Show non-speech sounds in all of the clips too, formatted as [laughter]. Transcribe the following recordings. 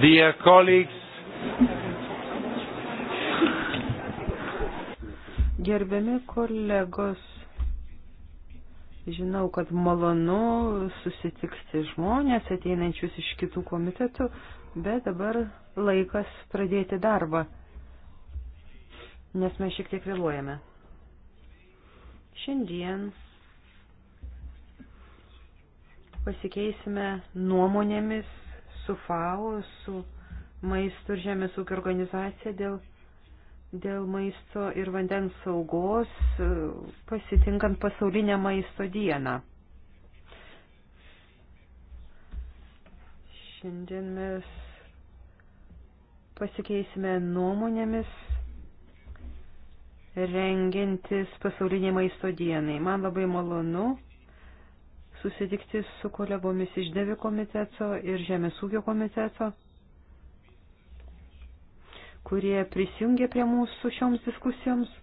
Dear colleagues, Gerbiami kolegos, žinau, kad malonu susitikti žmonės ateinančius iš kitų komitetų, bet dabar laikas pradėti darbą, nes mes šiek tiek vėluojame. Šiandien pasikeisime nuomonėmis su FAO, su maisto ir žemės ūkio organizacija dėl, dėl maisto ir vandens saugos, e, pasitinkant pasaulinę maisto dieną. Šiandien mes pasikeisime nuomonėmis rengintis pasaulinė maisto dienai. Man labai malonu susitikti su kolegomis iš Devi komiteto ir Žemės ūkio komiteto, kurie prisijungė prie mūsų šioms diskusijoms.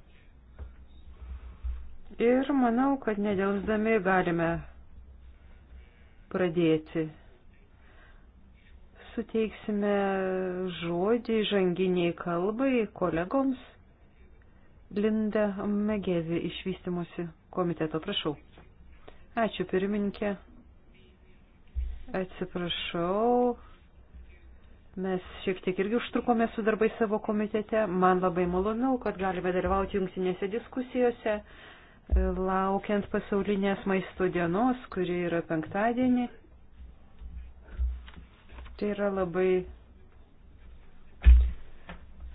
Ir manau, kad nedėlsdami galime pradėti. Suteiksime žodį žanginiai kalbai kolegoms. Linda Megevi iš vystimosi komiteto, prašau. Ačiū pirmininkė. Atsiprašau. Mes šiek tiek irgi užtrukome su darbai savo komitete. Man labai malonu, kad galime dalyvauti jungtinėse diskusijose, laukiant pasaulinės maisto dienos, kuri yra penktadienį. Tai yra labai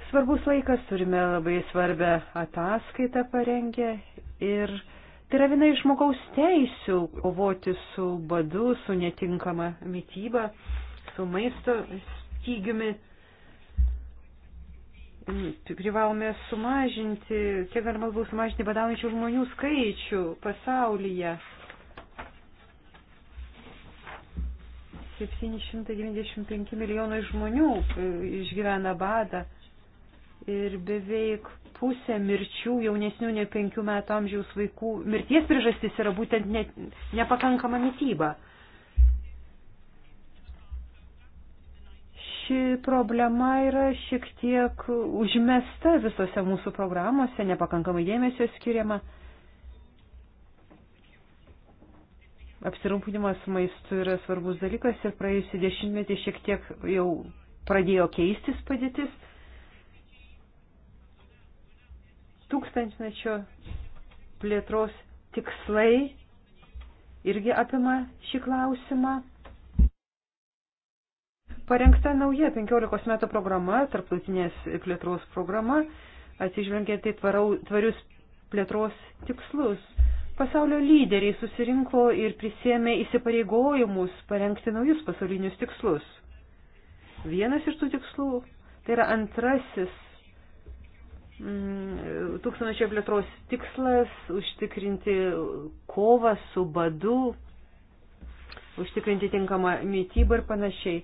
svarbus laikas, turime labai svarbę ataskaitą parengę ir Tai yra viena iš žmogaus teisių kovoti su badu, su netinkama mytyba, su maisto stygiumi. Privalome sumažinti, kiek galima labiau sumažinti badaujančių žmonių skaičių pasaulyje. 795 milijonai žmonių e, išgyvena badą ir beveik pusė mirčių jaunesnių nei penkių metų amžiaus vaikų mirties priežastis yra būtent ne, nepakankama mytyba. Ši problema yra šiek tiek užmesta visose mūsų programuose, nepakankamai dėmesio skiriama. Apsirūpinimas maistu yra svarbus dalykas ir praėjusį dešimtmetį šiek tiek jau pradėjo keistis padėtis tūkstantmečio plėtros tikslai irgi apima šį klausimą. Parengta nauja 15 metų programa, tarptautinės plėtros programa, atsižvelgiant į tvarius plėtros tikslus. Pasaulio lyderiai susirinko ir prisėmė įsipareigojimus parengti naujus pasaulinius tikslus. Vienas iš tų tikslų tai yra antrasis Mm, tūkstančio plėtros tikslas užtikrinti kovą su badu, užtikrinti tinkamą mytybą ir panašiai.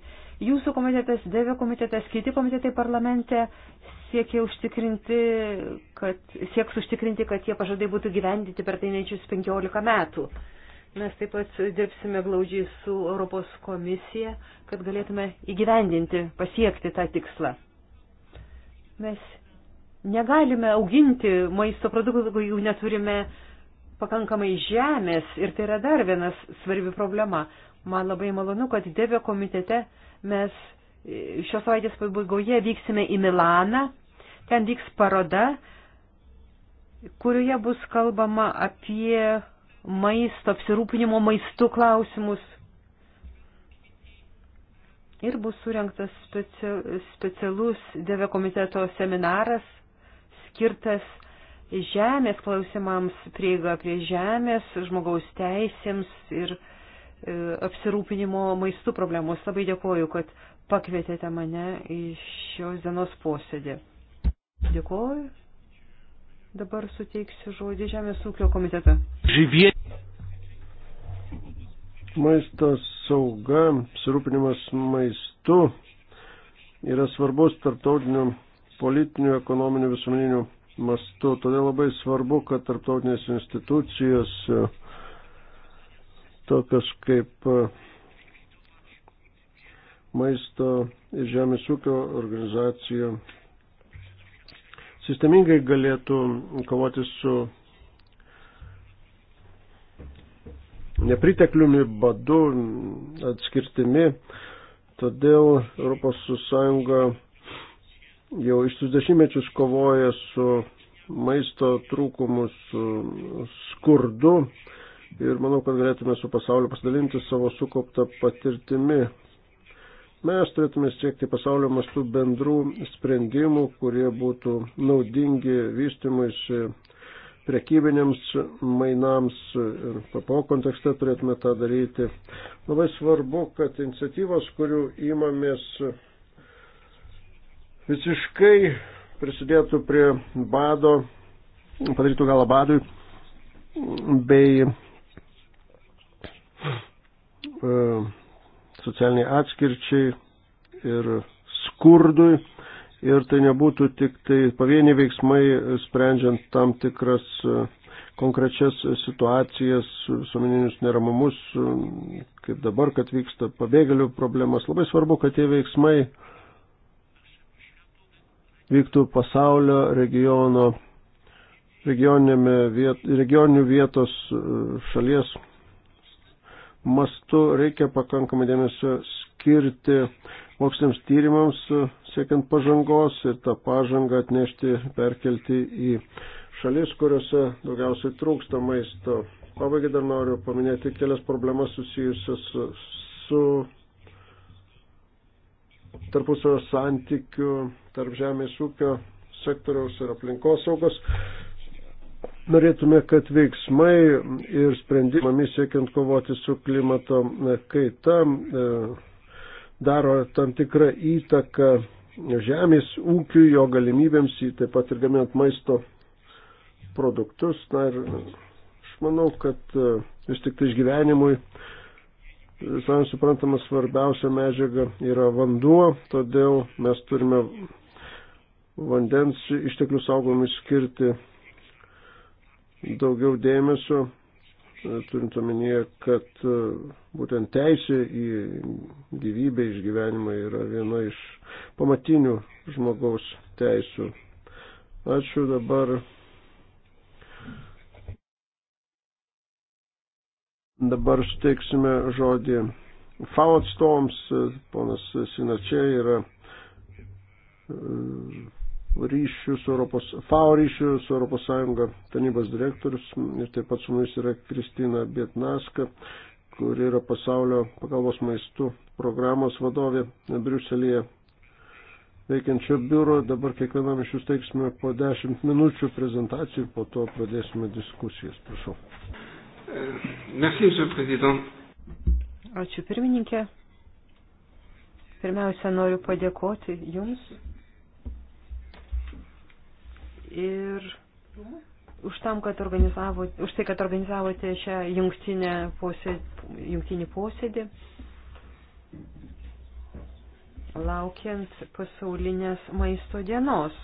Jūsų komitetas, Devio komitetas, kiti komitetai parlamente siekia užtikrinti, kad, sieks užtikrinti, kad tie pažadai būtų gyvendyti per teinėčius 15 metų. Mes taip pat dirbsime glaudžiai su Europos komisija, kad galėtume įgyvendinti, pasiekti tą tikslą. Mes Negalime auginti maisto produktų, jeigu jų neturime pakankamai žemės ir tai yra dar vienas svarbi problema. Man labai malonu, kad Devio komitete mes e, šios savaitės pabaigoje vyksime į Milaną, ten vyks paroda, kurioje bus kalbama apie maisto, apsirūpinimo maistų klausimus. Ir bus surinktas specialus Devio komiteto seminaras skirtas žemės klausimams, prieiga prie žemės, žmogaus teisėms ir e, apsirūpinimo maistų problemos. Labai dėkoju, kad pakvietėte mane į šios dienos posėdį. Dėkoju. Dabar suteiksiu žodį Žemės ūkio komitetą. Žyvie. Maisto sauga, apsirūpinimas maistu yra svarbus tarptautiniu politinių, ekonominių, visuomeninių mastų. Todėl labai svarbu, kad tarptautinės institucijos, tokios kaip maisto ir žemės ūkio organizacija, sistemingai galėtų kovoti su nepritekliumi, badu, atskirtimi. Todėl ES jau ištus dešimtmečius kovoja su maisto trūkumu, su skurdu ir manau, kad galėtume su pasauliu pasidalinti savo sukauptą patirtimi. Mes turėtume siekti pasaulio mastų bendrų sprendimų, kurie būtų naudingi vystymuisi prekybinėms mainams ir PPO kontekste turėtume tą daryti. Labai svarbu, kad iniciatyvos, kurių įmamės visiškai prisidėtų prie bado, padarytų galą badui, bei e, socialiniai atskirčiai ir skurdui. Ir tai nebūtų tik tai pavieni veiksmai, sprendžiant tam tikras e, konkrečias situacijas, visuomeninius neramumus, e, kaip dabar, kad vyksta pabėgėlių problemas. Labai svarbu, kad tie veiksmai uh, vyktų pasaulio regiono, viet, regioninių vietos e, šalies mastu reikia pakankamai dėmesio skirti moksliniams tyrimams e, siekiant pažangos ir tą pažangą atnešti, perkelti į šalis, kuriuose daugiausiai trūksta maisto. Pabaigai dar noriu paminėti kelias problemas susijusias su, su tarpusavio santykiu tarp žemės ūkio sektoriaus ir aplinkosaugos. Norėtume, kad veiksmai ir sprendimami siekiant kovoti su klimato kaita e, daro tam tikrą įtaką žemės ūkiui, jo galimybėms, taip pat ir gaminant maisto produktus. Na ir aš manau, kad e, vis tik tai išgyvenimui e, Savai suprantama, svarbiausia medžiaga yra vanduo, todėl mes turime vandens išteklių saugomai skirti daugiau dėmesio, e, turint omenyje, kad e, būtent teisė į gyvybę, išgyvenimą yra viena iš pamatinių žmogaus teisų. Ačiū dabar. Dabar suteiksime žodį FAO atstovams. Ponas Sinačiai yra e, ryšių su Europos, FAO ryšių su Europos Sąjunga tarnybos direktorius ir taip pat su mumis yra Kristina Bietnaska, kuri yra pasaulio pagalbos maistų programos vadovė Briuselėje veikiančio biuro. Dabar kiekvienam iš jų teiksime po 10 minučių prezentacijų, po to pradėsime diskusijas. Prašau. Merci, Ačiū pirmininkė. Pirmiausia, noriu padėkoti Jums ir už, tam, kad už tai, kad organizavote šią jungtinę posėdį, jungtinį posėdį laukiant pasaulinės maisto dienos,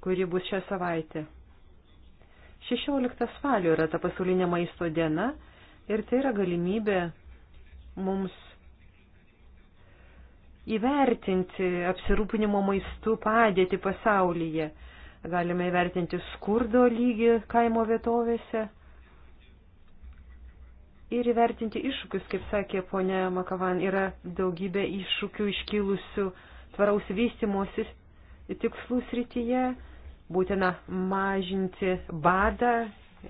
kuri bus šią savaitę. 16 spalio yra ta pasaulinė maisto diena ir tai yra galimybė mums įvertinti apsirūpinimo maistų padėtį pasaulyje. Galime įvertinti skurdo lygį kaimo vietovėse ir įvertinti iššūkius, kaip sakė ponė Makavan, yra daugybė iššūkių iškilusių tvaraus vystimosis tikslų srityje, būtina mažinti badą,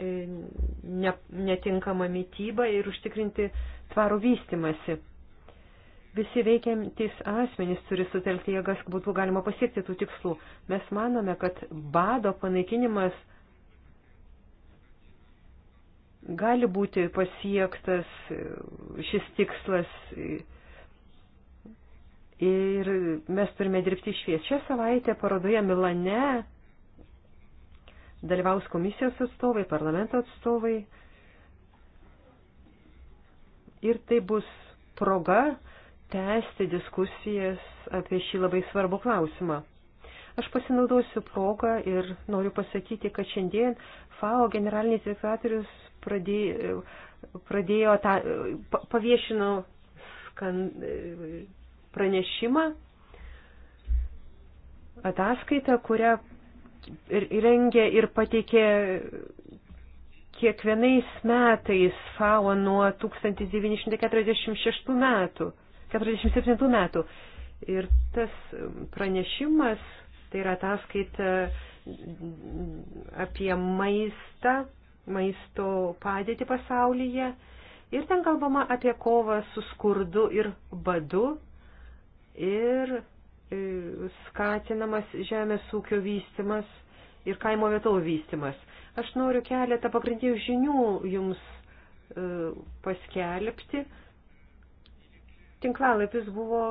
e, netinkamą mytybą ir užtikrinti tvarų vystimasi. Visi veikiantys asmenys turi sutelkti jėgas, kad būtų galima pasiekti tų tikslų. Mes manome, kad bado panaikinimas gali būti pasiektas šis tikslas ir mes turime dirbti švies. Šią savaitę parodoje Milane dalyvaus komisijos atstovai, parlamento atstovai ir tai bus proga tęsti diskusijas apie šį labai svarbų klausimą. Aš pasinaudosiu progą ir noriu pasakyti, kad šiandien FAO generalinis direktorius pradėjo, pradėjo tą, paviešino skan, pranešimą, ataskaitą, kurią rengė ir pateikė kiekvienais metais FAO nuo 1946 metų. 47 metų. Ir tas pranešimas, tai yra ataskaita apie maistą, maisto padėtį pasaulyje. Ir ten kalbama apie kovą su skurdu ir badu ir e, skatinamas žemės ūkio vystimas ir kaimo vietovų vystimas. Aš noriu keletą pagrindinių žinių jums e, paskelbti tinklalapis buvo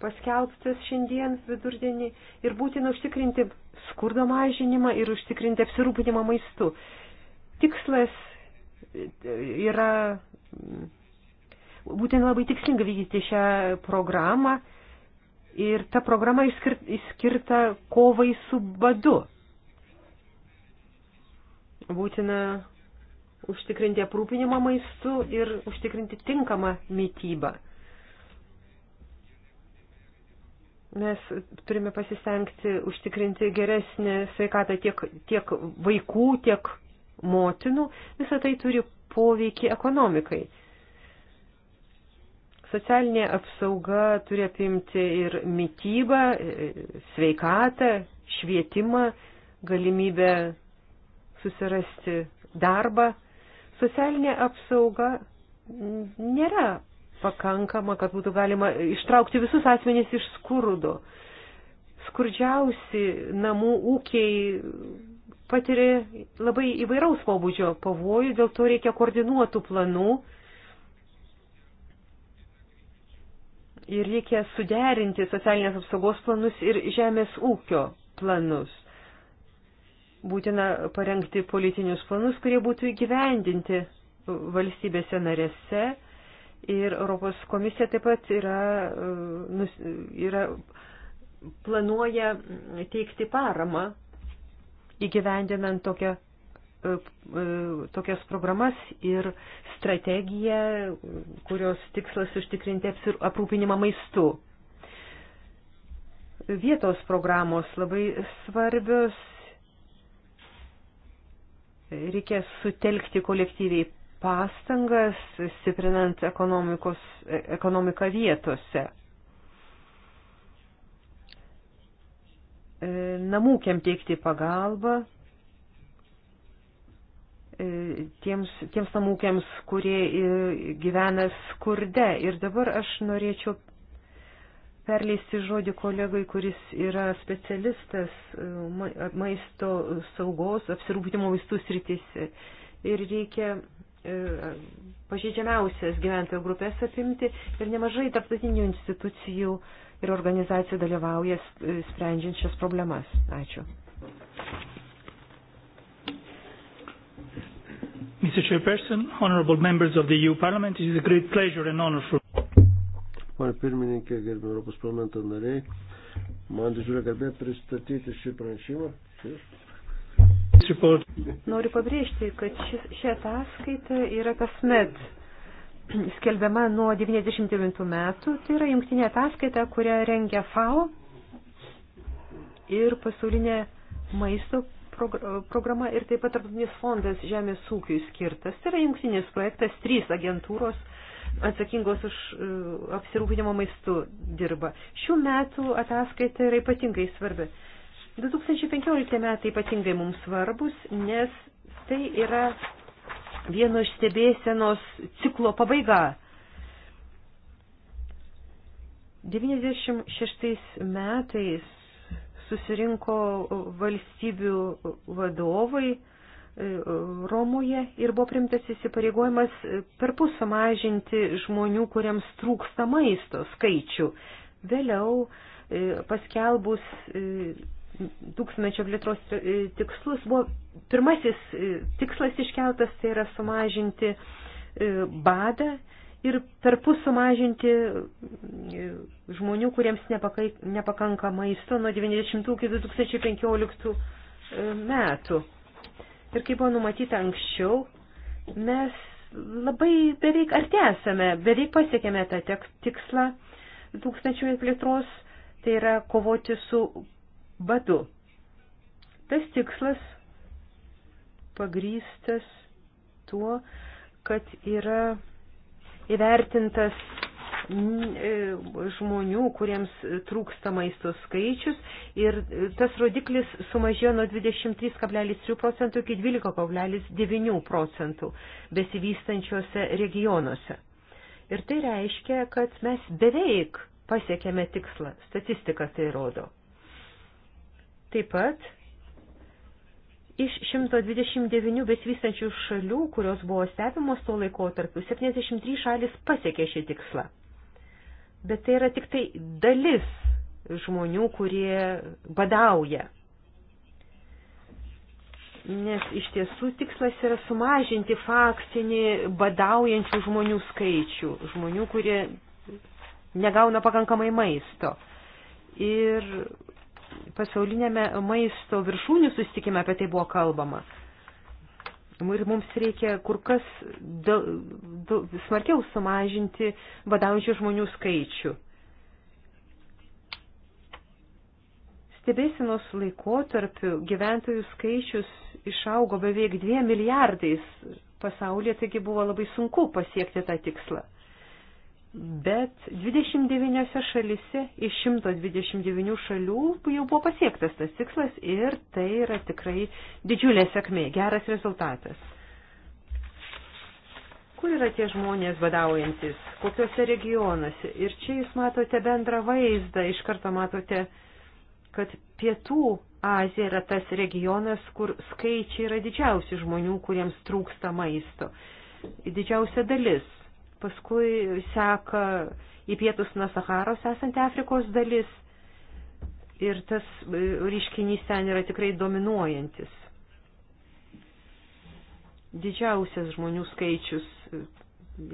paskelbtas šiandien vidurdienį ir būtina užtikrinti skurdo mažinimą ir užtikrinti apsirūpinimą maistu. Tikslas e, yra būtent labai tikslinga vykdyti šią programą ir ta programa išskirta kovai su badu. Būtina užtikrinti aprūpinimą maistu ir užtikrinti tinkamą mytybą. Mes turime pasistengti užtikrinti geresnį sveikatą tiek, tiek vaikų, tiek motinų. Visą tai turi poveikį ekonomikai. Socialinė apsauga turi apimti ir mytybą, sveikatą, švietimą, galimybę susirasti darbą. Socialinė apsauga nėra pakankama, kad būtų galima ištraukti visus asmenys iš skurdo. Skurdžiausi namų ūkiai patiria labai įvairaus pobūdžio pavojų, dėl to reikia koordinuotų planų ir reikia suderinti socialinės apsaugos planus ir žemės ūkio planus. Būtina parengti politinius planus, kurie būtų įgyvendinti valstybėse narėse. Ir Europos komisija taip pat yra, e, yra planuoja teikti paramą įgyvendinant tokią, e, e, tokias programas ir strategiją, kurios tikslas užtikrinti aprūpinimą maistu. Vietos programos labai svarbios Reikia sutelkti kolektyviai pastangas, stiprinant e, ekonomiką vietose. E, namūkiam teikti pagalbą e, tiems, tiems namūkiams, kurie gyvena skurde. Ir dabar aš norėčiau perleisti žodį kolegai, kuris yra specialistas e, maisto saugos, apsirūpinimo vaistų srityse. Ir reikia e, pažeidžiamiausias gyventojų grupės apimti ir nemažai tarptautinių institucijų ir organizacijų dalyvauja e, sprendžiant šias problemas. Ačiū. Mr. Chairperson, honorable members of the EU Parliament, it is a great pleasure and honor for Pane pirmininkė, gerbė Europos parlamento nariai, man didžiulė garbė pristatyti šį pranešimą. Noriu pabrėžti, kad ši, ši ataskaita yra kasmet skelbiama nuo 99 metų. Tai yra jungtinė ataskaita, kurią rengia FAO ir pasaulinė maisto programa ir taip pat tarptautinis fondas žemės ūkiui skirtas. Tai yra jungtinis projektas, trys agentūros atsakingos už e, apsirūpinimo maistu dirba. Šių metų ataskaita yra ypatingai svarbi. 2015 metai ypatingai mums svarbus, nes tai yra vieno iš stebėsenos ciklo pabaiga. 96 metais susirinko valstybių vadovai E, Romoje ir buvo primtas įsipareigojimas e, per pus sumažinti žmonių, kuriems trūksta maisto skaičių. Vėliau e, paskelbus tūkstmečio plėtros tikslus buvo pirmasis tikslas iškeltas, tai yra sumažinti badą ir per pus sumažinti žmonių, kuriems nepakanka maisto nuo 90 iki 2015 metų. Ir kaip buvo numatyta anksčiau, mes labai beveik artėsame, beveik pasiekėme tą tikslą tūkstančių plėtros, tai yra kovoti su badu. Tas tikslas pagrystas tuo, kad yra įvertintas E, žmonių, kuriems trūksta maisto skaičius ir e, tas rodiklis sumažėjo nuo 23,3 procentų iki 12,9 procentų besivystančiuose regionuose. Ir tai reiškia, kad mes beveik pasiekėme tikslą, statistika tai rodo. Taip pat Iš 129 besivystančių šalių, kurios buvo stebimos tuo laikotarpiu, 73 šalis pasiekė šį tikslą. Bet tai yra tik tai dalis žmonių, kurie badauja. Nes iš tiesų tikslas yra sumažinti faktinį badaujančių žmonių skaičių, žmonių, kurie negauna pakankamai maisto. Ir pasaulinėme maisto viršūnių susitikime apie tai buvo kalbama. Ir mums reikia kur kas da, da, smarkiau sumažinti badaujančių žmonių skaičių. Stebėsinos laikotarpiu gyventojų skaičius išaugo beveik 2 milijardais pasaulyje, taigi buvo labai sunku pasiekti tą tikslą. Bet 29 šalise iš 129 šalių jau buvo pasiektas tas tikslas ir tai yra tikrai didžiulė sėkmė, geras rezultatas. Kur yra tie žmonės badaujantis, kokiuose regionuose? Ir čia jūs matote bendrą vaizdą, iš karto matote, kad pietų Azija yra tas regionas, kur skaičiai yra didžiausi žmonių, kuriems trūksta maisto. Didžiausia dalis paskui seka į pietus nuo Saharos esanti Afrikos dalis ir tas e, ryškinys ten yra tikrai dominuojantis. Didžiausias žmonių skaičius e,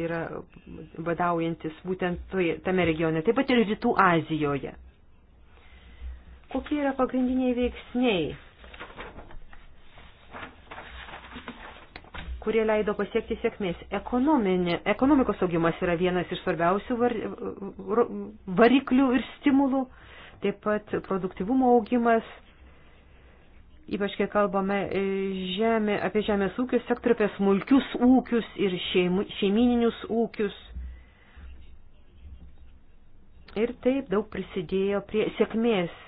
yra vadaujantis būtent tame regione, taip pat ir Rytų Azijoje. Kokie yra pagrindiniai veiksniai kurie leido pasiekti sėkmės. Ekonominė, ekonomikos augimas yra vienas iš svarbiausių var, variklių ir stimulų, taip pat produktivumo augimas, ypač kai kalbame e, žemė, apie žemės ūkius, sektorių apie smulkius ūkius ir šeim, šeimininius ūkius. Ir taip daug prisidėjo prie sėkmės.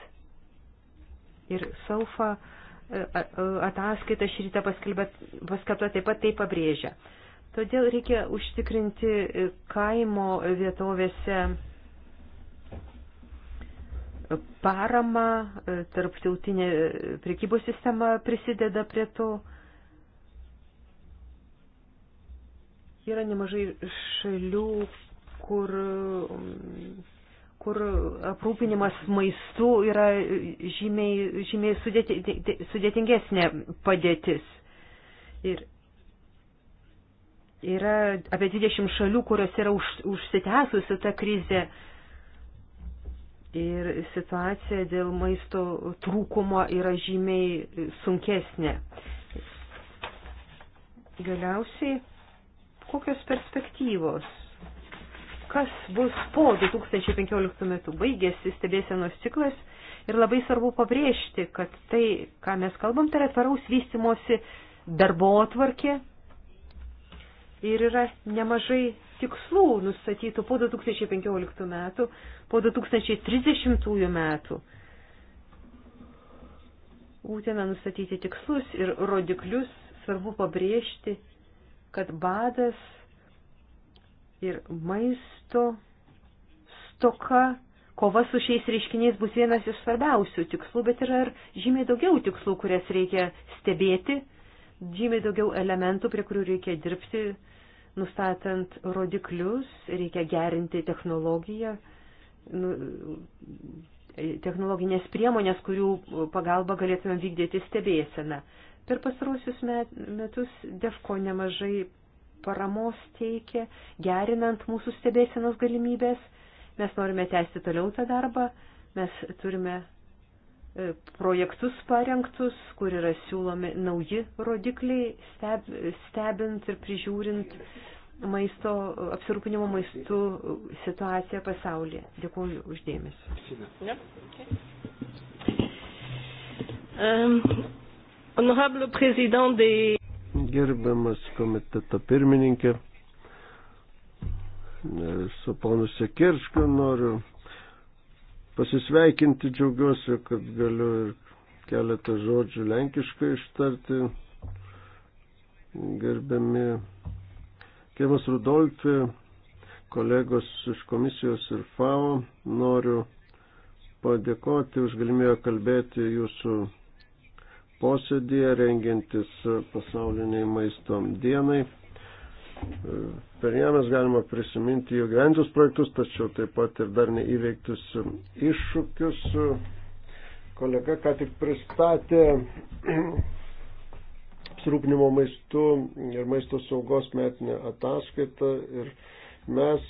Ir saufa. So ataskaita šį rytą paskelbta taip pat tai pabrėžia. Todėl reikia užtikrinti e, kaimo vietovėse e, parama, e, tarptautinė prekybos sistema prisideda prie to. Yra nemažai šalių, kur kur aprūpinimas maistu yra žymiai, žymiai sudėti, sudėtingesnė padėtis. Ir yra apie 20 šalių, kurios yra už, užsitęsusi ta krizė. Ir situacija dėl maisto trūkumo yra žymiai sunkesnė. Galiausiai, kokios perspektyvos kas bus po 2015 metų. Baigėsi stebėsenos ciklas ir labai svarbu pabrėžti, kad tai, ką mes kalbam, tai yra tvaraus vystimosi darbo atvarkė ir yra nemažai tikslų nustatytų po 2015 metų, po 2030 metų. Būtina nustatyti tikslus ir rodiklius, svarbu pabrėžti, kad badas ir maisto stoka. Kova su šiais reiškiniais bus vienas iš svarbiausių tikslų, bet yra ir žymiai daugiau tikslų, kurias reikia stebėti, žymiai daugiau elementų, prie kurių reikia dirbti, nustatant rodiklius, reikia gerinti technologiją, nu, technologinės priemonės, kurių pagalba galėtume vykdyti stebėseną. Per pastarosius metus DEFCO nemažai paramos teikia, gerinant mūsų stebėsenos galimybės. Mes norime tęsti toliau tą darbą, mes turime e, projektus parengtus, kur yra siūlomi nauji rodikliai, steb, stebint ir prižiūrint maisto, apsirūpinimo maistu situaciją pasaulyje. Dėkuoju uždėmesi. Yeah. Okay. Um, Honorable président des Gerbiamas komiteto pirmininkė, su ponu Sekirškiu noriu pasisveikinti, džiaugiuosi, kad galiu ir keletą žodžių lenkiškai ištarti. Gerbiami Kemas Rudolfi, kolegos iš komisijos ir FAO, noriu padėkoti už galimybę kalbėti jūsų posėdėje rengiantis pasauliniai maisto dienai. Per ją mes galima prisiminti jų gyventus projektus, tačiau taip pat ir dar neįveiktus iššūkius. Kolega ką tik pristatė [clears throat] apsirūpinimo maistu ir maisto saugos metinę ataskaitą ir mes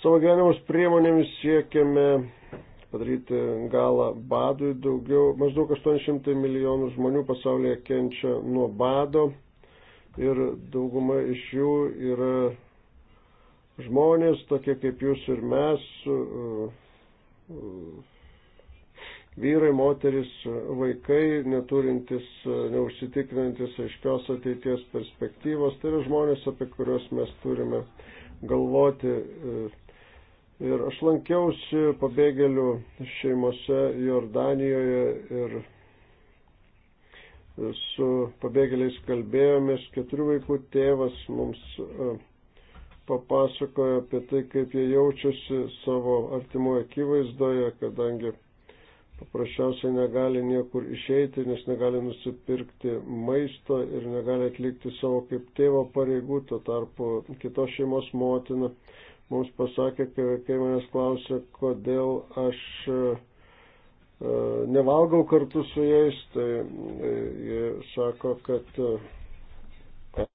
savo gyvenimus priemonėmis siekiame padaryti galą badui. Daugiau, maždaug 800 milijonų žmonių pasaulyje kenčia nuo bado ir dauguma iš jų yra žmonės, tokie kaip jūs ir mes, uh, vyrai, moteris, vaikai, neturintis, neužsitikrinantis aiškios ateities perspektyvos. Tai yra žmonės, apie kuriuos mes turime galvoti. E, Ir aš lankiausi pabėgėlių šeimose Jordanijoje ir su pabėgėliais kalbėjomės, keturių vaikų tėvas mums e, papasakojo apie tai, kaip jie jaučiasi savo artimoje akivaizdoje, kadangi paprasčiausiai negali niekur išeiti, nes negali nusipirkti maisto ir negali atlikti savo kaip tėvo pareigų, tuo tarpu kitos šeimos motina mums pasakė, kai manęs klausė, kodėl aš e, nevalgau kartu su jais, tai e, jie sako, kad e,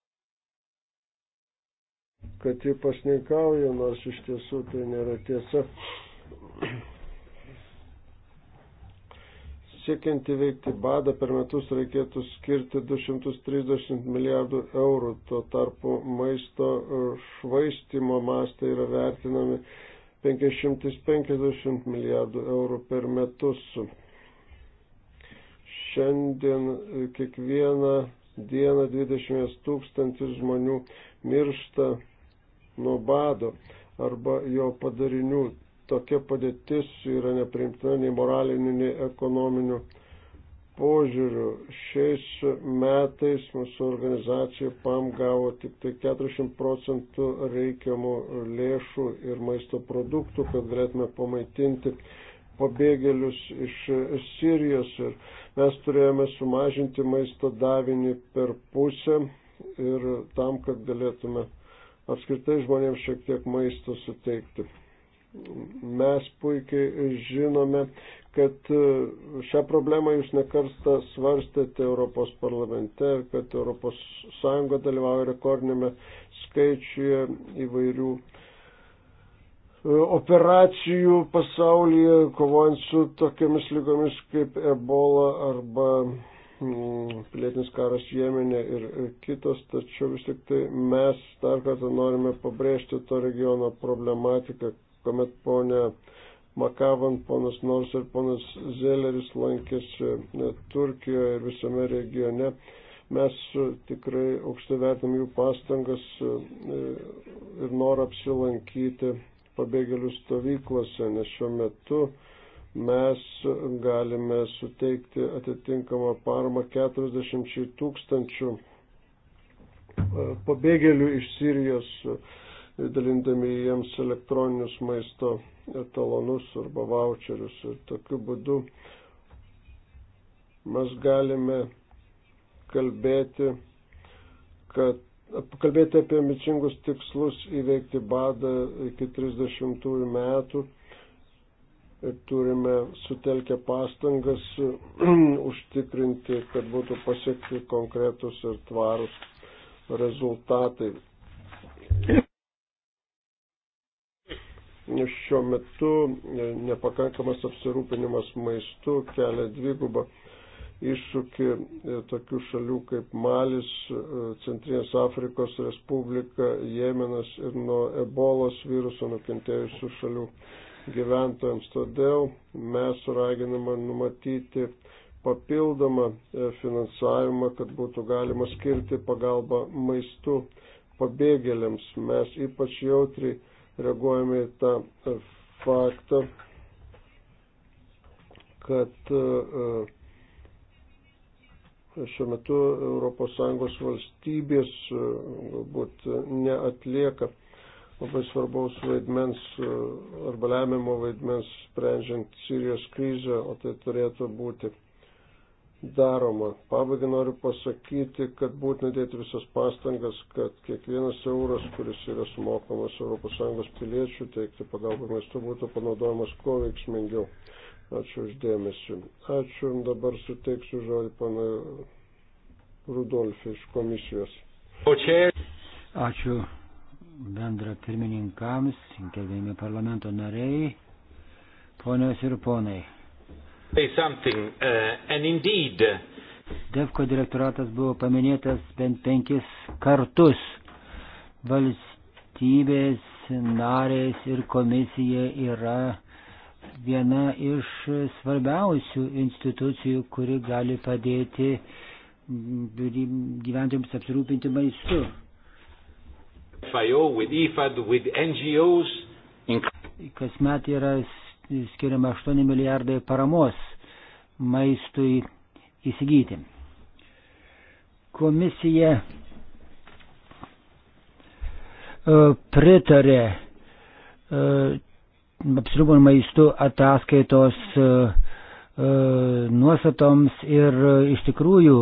kad jie pasninkauja, nors iš tiesų tai nėra tiesa. Siekiant įveikti badą per metus reikėtų skirti 230 milijardų eurų, tuo tarpu maisto e, švaistimo mastai yra vertinami 550 milijardų eurų per metus. Šiandien e, kiekvieną dieną 20 tūkstantis žmonių miršta nuo bado arba jo padarinių tokia padėtis yra neprimtina nei moraliniu, nei ekonominiu požiūriu. Šiais metais mūsų organizacija PAM gavo tik tai 40 procentų reikiamų lėšų ir maisto produktų, kad galėtume pamaitinti pabėgėlius iš Sirijos ir mes turėjome sumažinti maisto davinį per pusę ir tam, kad galėtume apskritai žmonėms šiek tiek maisto suteikti. Mes puikiai žinome, kad e, šią problemą jūs nekarstą svarstėte Europos parlamente ir kad ES dalyvauja rekordinėme skaičiuje įvairių e, operacijų pasaulyje, kovojant su tokiamis lygomis kaip ebola arba mm, pilietinis karas Jemenė ir kitos, tačiau vis tik tai mes dar kartą norime pabrėžti to regiono problematiką, kuomet ponė Makavan, ponas Nors ir ponas Zeleris lankėsi e, Turkijoje ir visame regione. Mes e, tikrai aukštai vertinam jų pastangas e, ir norą apsilankyti pabėgėlių stovyklose, nes šiuo metu mes galime suteikti atitinkamą paramą 40 tūkstančių pabėgėlių iš Sirijos dalindami jiems elektroninius maisto etalonus arba voucherius. Ir tokiu būdu mes galime kalbėti, kad kalbėti apie ambicingus tikslus įveikti badą iki 30 metų ir turime sutelkę pastangas [clears throat] užtikrinti, kad būtų pasiekti konkretus ir tvarus rezultatai. šiuo metu e, nepakankamas apsirūpinimas maistu kelia dvigubą iššūkį e, tokių šalių kaip Malis, e, Centrinės Afrikos Respublika, Jemenas ir nuo ebolos viruso nukentėjusių šalių gyventojams. Todėl mes raginame numatyti papildomą finansavimą, kad būtų galima skirti pagalbą maistu pabėgėliams. Mes ypač jautriai reaguojame į tą faktą, kad e, šiuo metu ES valstybės e, galbūt neatlieka labai svarbaus vaidmens e, arba lemiamo vaidmens sprendžiant Sirijos krizę, o tai turėtų būti daroma. Pabaigai noriu pasakyti, kad būtina dėti visas pastangas, kad kiekvienas euras, kuris yra sumokamas ES piliečių, teikti pagalbą maistu būtų panaudojamas kuo veiksmingiau. Ačiū uždėmesiu. Ačiū, dabar suteiksiu žodį pana Rudolfi iš komisijos. Ačiū bendra pirmininkams, gerbėjami parlamento nariai, ponios ir ponai say something. Uh, and indeed, uh, DEFCO direktoratas buvo paminėtas bent penkis kartus. Valstybės narės ir komisija yra viena iš svarbiausių institucijų, kuri gali padėti gyventojams apsirūpinti maistu. FIO, with IFAD, e with NGOs. Kasmet yra skiriama 8 milijardai paramos maistui įsigyti. Komisija e, pritarė e, apsirūpinimo maistu ataskaitos e, nuostatoms ir iš tikrųjų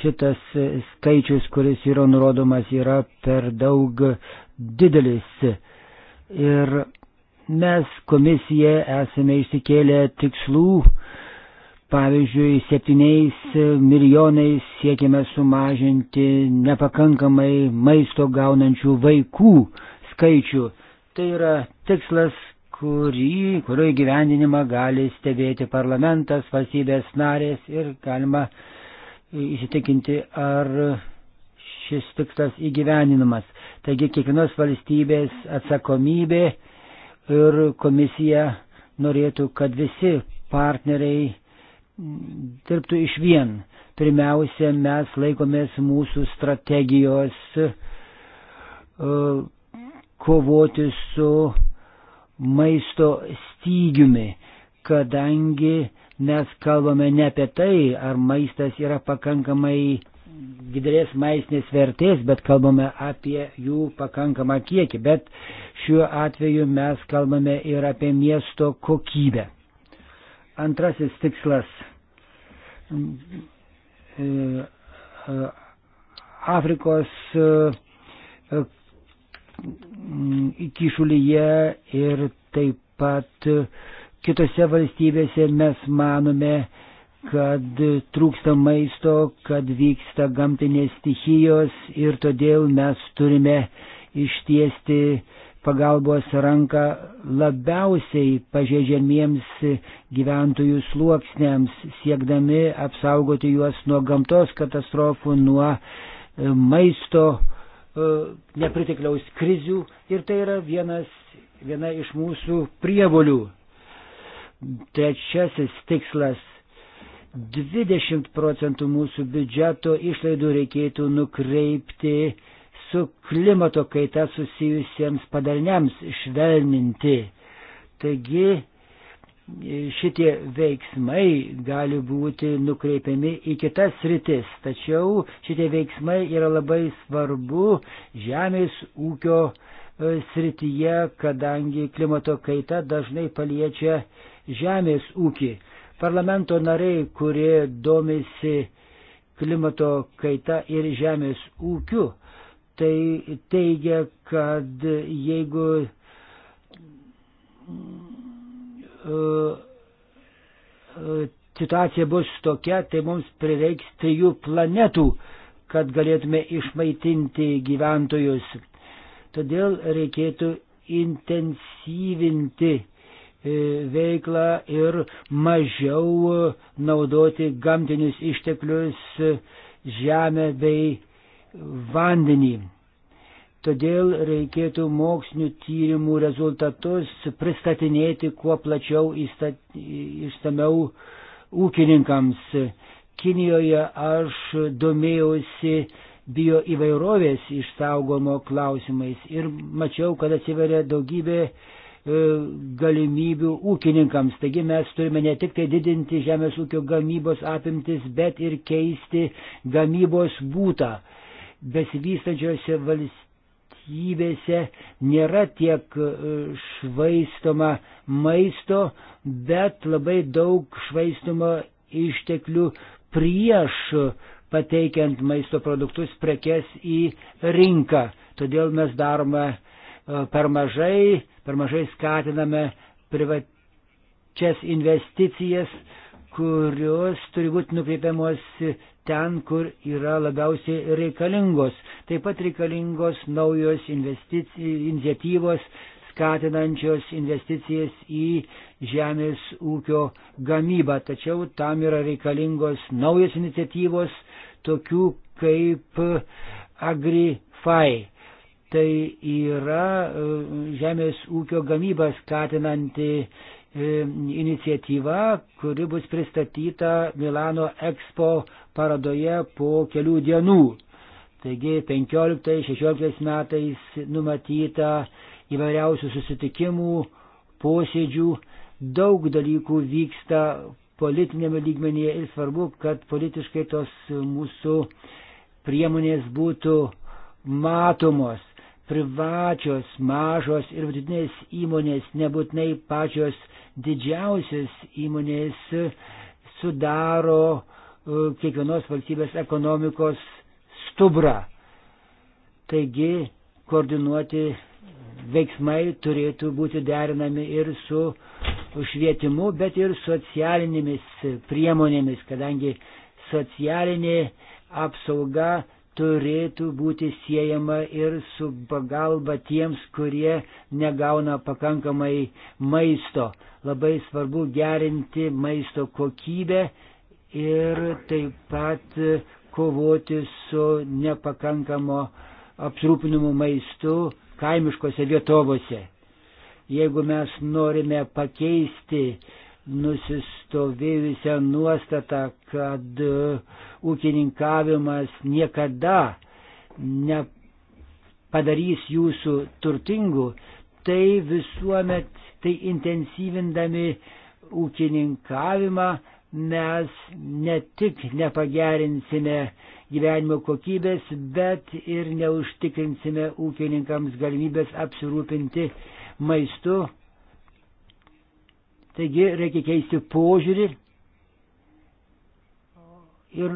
šitas skaičius, kuris yra nurodomas, yra per daug didelis. Ir Mes komisija esame išsikėlę tikslų, pavyzdžiui, 7 milijonais siekime sumažinti nepakankamai maisto gaunančių vaikų skaičių. Tai yra tikslas, kurį, kurio įgyvendinimą gali stebėti parlamentas, valstybės narės ir galima įsitikinti, ar šis tikslas įgyvendinamas. Taigi kiekvienos valstybės atsakomybė ir komisija norėtų, kad visi partneriai dirbtų iš vien. Pirmiausia, mes laikomės mūsų strategijos e, kovoti su maisto stygiumi, kadangi mes kalbame ne apie tai, ar maistas yra pakankamai didelės maistinės vertės, bet kalbame apie jų pakankamą kiekį. Bet Šiuo atveju mes kalbame ir apie miesto kokybę. Antrasis tikslas e, e, Afrikos e, kišulyje ir taip pat kitose valstybėse mes manome, kad trūksta maisto, kad vyksta gamtinės stichijos ir todėl mes turime ištiesti pagalbos ranką labiausiai pažeidžiamiems gyventojų sluoksniams, siekdami apsaugoti juos nuo gamtos katastrofų, nuo e, maisto e, nepritikliaus krizių ir tai yra vienas, viena iš mūsų prievolių. Trečiasis tikslas 20 procentų mūsų biudžeto išlaidų reikėtų nukreipti su klimato kaita susijusiems padarniams švelninti. Taigi šitie veiksmai gali būti nukreipiami į kitas rytis, tačiau šitie veiksmai yra labai svarbu žemės ūkio e, srityje, kadangi klimato kaita dažnai paliečia žemės ūkį. Parlamento nariai, kurie domisi klimato kaita ir žemės ūkiu, tai teigia, kad jeigu e, e, situacija bus tokia, tai mums prireiks trijų planetų, kad galėtume išmaitinti gyventojus. Todėl reikėtų intensyvinti e, veiklą ir mažiau naudoti gamtinius išteklius, žemę bei vandenį. Todėl reikėtų mokslinių tyrimų rezultatus pristatinėti kuo plačiau išsameu ūkininkams. Kinijoje aš domėjausi bio įvairovės išsaugomo klausimais ir mačiau, kad atsiveria daugybė e, galimybių ūkininkams. Taigi mes turime ne tik tai didinti žemės ūkio gamybos apimtis, bet ir keisti gamybos būtą besivystančiose valstybėse nėra tiek e, švaistoma maisto, bet labai daug švaistoma išteklių prieš pateikiant maisto produktus, prekes į rinką. Todėl mes darome e, per mažai, per mažai skatiname privačias investicijas, kurios turi būti nukreipiamos ten, kur yra labiausiai reikalingos. Taip pat reikalingos naujos iniciatyvos, skatinančios investicijas į žemės ūkio gamybą. Tačiau tam yra reikalingos naujos iniciatyvos, tokių kaip AgriFai. Tai yra e, žemės ūkio gamybą skatinanti E, iniciatyva, kuri bus pristatyta Milano Expo parodoje po kelių dienų. Taigi 15-16 metais numatyta įvairiausių susitikimų, posėdžių, daug dalykų vyksta politinėme lygmenyje ir svarbu, kad politiškai tos mūsų priemonės būtų matomos privačios, mažos ir vidutinės įmonės, nebūtinai pačios didžiausios įmonės sudaro e, kiekvienos valstybės ekonomikos stubrą. Taigi koordinuoti veiksmai turėtų būti derinami ir su švietimu, bet ir socialinėmis priemonėmis, kadangi socialinė apsauga turėtų būti siejama ir su pagalba tiems, kurie negauna pakankamai maisto. Labai svarbu gerinti maisto kokybę ir taip pat kovoti su nepakankamo apsrūpinimu maistu kaimiškose vietovose. Jeigu mes norime pakeisti nusistovėjusią nuostatą, kad uh, ūkininkavimas niekada nepadarys jūsų turtingų, tai visuomet, tai intensyvindami ūkininkavimą mes ne tik nepagerinsime gyvenimo kokybės, bet ir neužtikrinsime ūkininkams galimybės apsirūpinti maistu, Taigi reikia keisti požiūrį ir